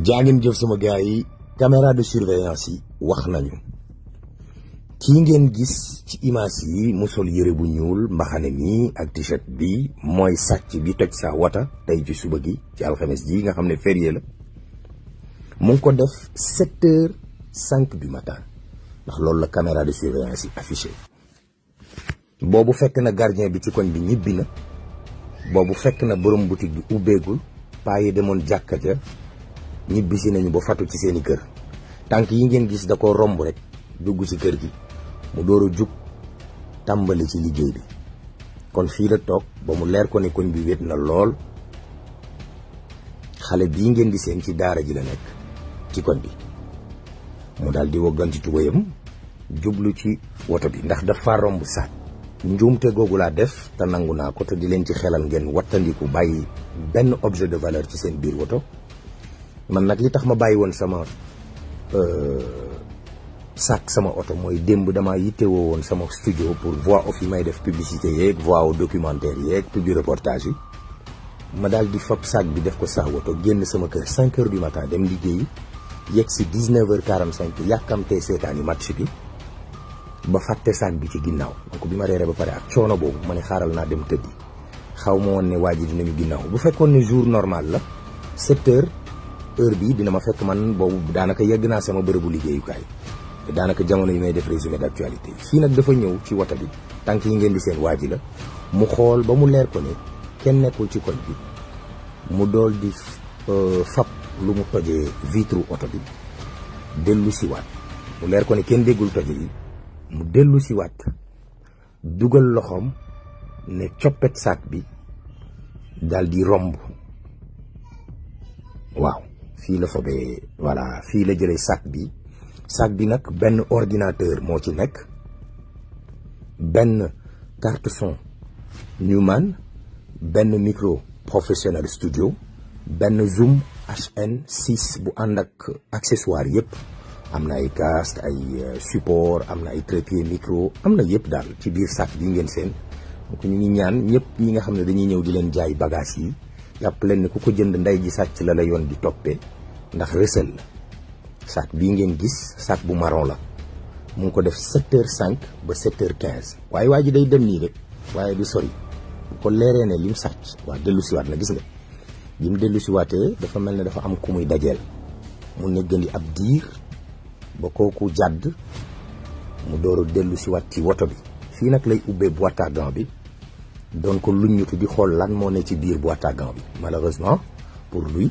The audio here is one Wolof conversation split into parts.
jaa ngeen jëf sama gars yi caméra de surveillance yi wax nañu ki ngeen gis ci image yi mu yére bu ñuul mbaxane mi ak t-shirt bi mooy sàcc bi toj sa wata tey ci suba gi ci alxames ji nga xam ne férié la mu ngi ko def sept heures cinq du matin ndax loolu la caméra de surveillance yi affiché boobu fekk na gardien bi ci koñ bi ñibbi na boobu fekk na borom boutique bi ubbeegul paa demoon jàkka ja ñibbisi nañu ba fatu ci seeni kër tànk yi ngeen gis da ko romb rek dugg ci kër gi mu door a tàmbali ci liggéey bi kon fii la toog ba mu leer ko ne koñ bi wét na lool xale bii ngeen di seen ci daara ji la nekk ci koñ bi mu daal di woggan ci tubéyam jublu ci woto bi ndax dafa romb saat njuumte googu laa def te nangu naa ko te di leen ci xelal ngeen wattandiku bàyyi benn objet de valeur ci seen biir woto man nag li tax ma bàyyi woon sama euh, sàkk sama oto mooy démb damaa yittewoo woon sama studio pour voix off yi may def publicité yeeg voix au documentaire yeeg publi reportage yi ma daal di fab sac bi def ko sax woto génn sama kër 5 heures du matin dem si 19 heures 45 yàkkamtee seetaani match bi ba fàtte sac bi ci ginnaaw donc bi ma reere ba pare ak coono boobu ma ne xaaral naa dem tëddi xaw ma woon ne waa ji dinañu ginnaaw bu fekkoon ne jour normal la 7 heure bi dina ma fekk man boobu daanaka yegg naa sama bërëbu liggéeyukaay te daanaka jamono yi may def résumé d' actualité fii nag dafa ñëw ci wata bi tànk yi ngeen di seen waa ji la mu xool ba mu leer ko ne kenn nekkul ci koñ bi mu dool di euh, fab lu mu tojee vitre oto bi dellu siwaat mu leer ko kenn déggul toje yi mu dellu siwaat dugal loxoom ne coppet saak bi dal di romb waaw fii la fobee voilà fii la jële sac bi sac bi nag benn ordinateur moo ci nekk benn carte son Neumann benn micro professionnel studio benn zoom HN6 bu ànd ak accessoire yëpp am na ay casque ay euh, support am na ay trépied micro am na yëpp daal ci biir sac bi ngeen seen donc ñu ngi ñaan ñëpp ñi nga xam ne dañuy ñëw di leen jaay bagage yi jàpp leen ne ku ko jënd ndey ji sàcc la la yoon di toppee ndax recel la sac bii ngeen gis sac bu marron la mu ko def 7 h 5 ba 7 h 15 waye waa day dem ni rek waye du sori ko leeree ne lim wa waa dellu siwaat na gis nga bi mu dellu siwaatee dafa melni dafa am ku muy dajeel mu neggandi ab dir ba kooku jadd mu door a dellu siwaat ci woto bi fi nak lay ubbee boîte à gants bi doon ko luññutu di xol lan mo ne ci biir boîte à gants bi malheureusement pour lui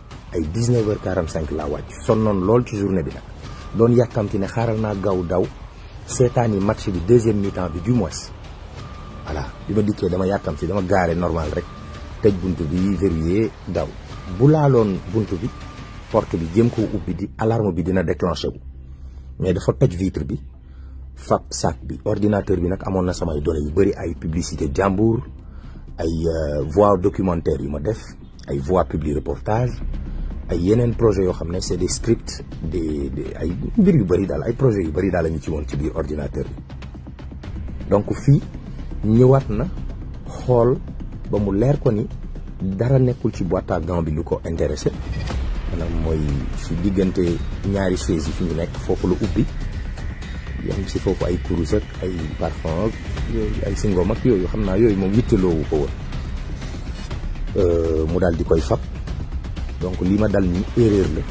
ay 19 heures 45 la wàcc sonnon lol ci journée bi nak don yakamti ne xaral na gaw daw seetaani match bi deuxième mi-temps bi du moins voilà bi ma que dama yakamti dama garé normal rek tej buntu bi verrouillé daw bu laaloon buntu bi porte bi jëm ko ubbi di alarme bi dina déclencher wu mais dafa tej vitre bi fab sac bi ordinateur bi nak amoon na samay dolé yu bari ay publicité jambour ay euh, voix documentaire yu ma def ay voix publi reportage ay projet yo xamné c'est des scripts des des ay mbir yu bari dal ay projet yu bari dal la ñu ci woon ci biir ordinateur donc fi ñëwaat na xol ba mu leer ko ni dara nekkul ci boîte à gants bi lu ko intéressé manam moy su diggante ñaari chaise yi fi ñu nekk foofu la ubbi yam ci fofu ay kurus ak ay parfum ak ay singom ak yoyu xamna yoyu yooyu moom wittaloowu ko euh mu dal di koy fab donc li ma dal ni erreur la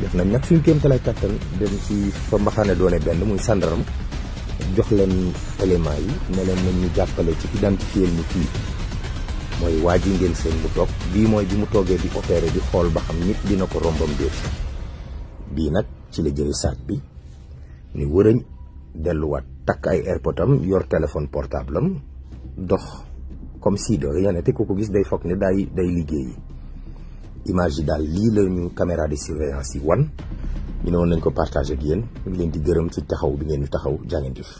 def nañ nak suñu kéem lay katal dem ci fa mbaxane doone ben muy sandaram jox len élément yi ne len nañ ñu jappalé ci identifier ni ki moy waji ngeen seen bu tok bi moy bi mu di opérer di xol ba xam nit dina ko rombam déet bi nak ci la jëri sat bi ni wërëñ wat takai ay your yor téléphone portable am dox comme si de rien était koku gis day fokk ne day day liggéeyi image yi daal lii la ñu caméra de surveillance yi wan ñu ne woon nañ ko partagé ak yéen ñu ngi leen di gërëm ci taxaw bi ngeen di taxaw jàngeen jëf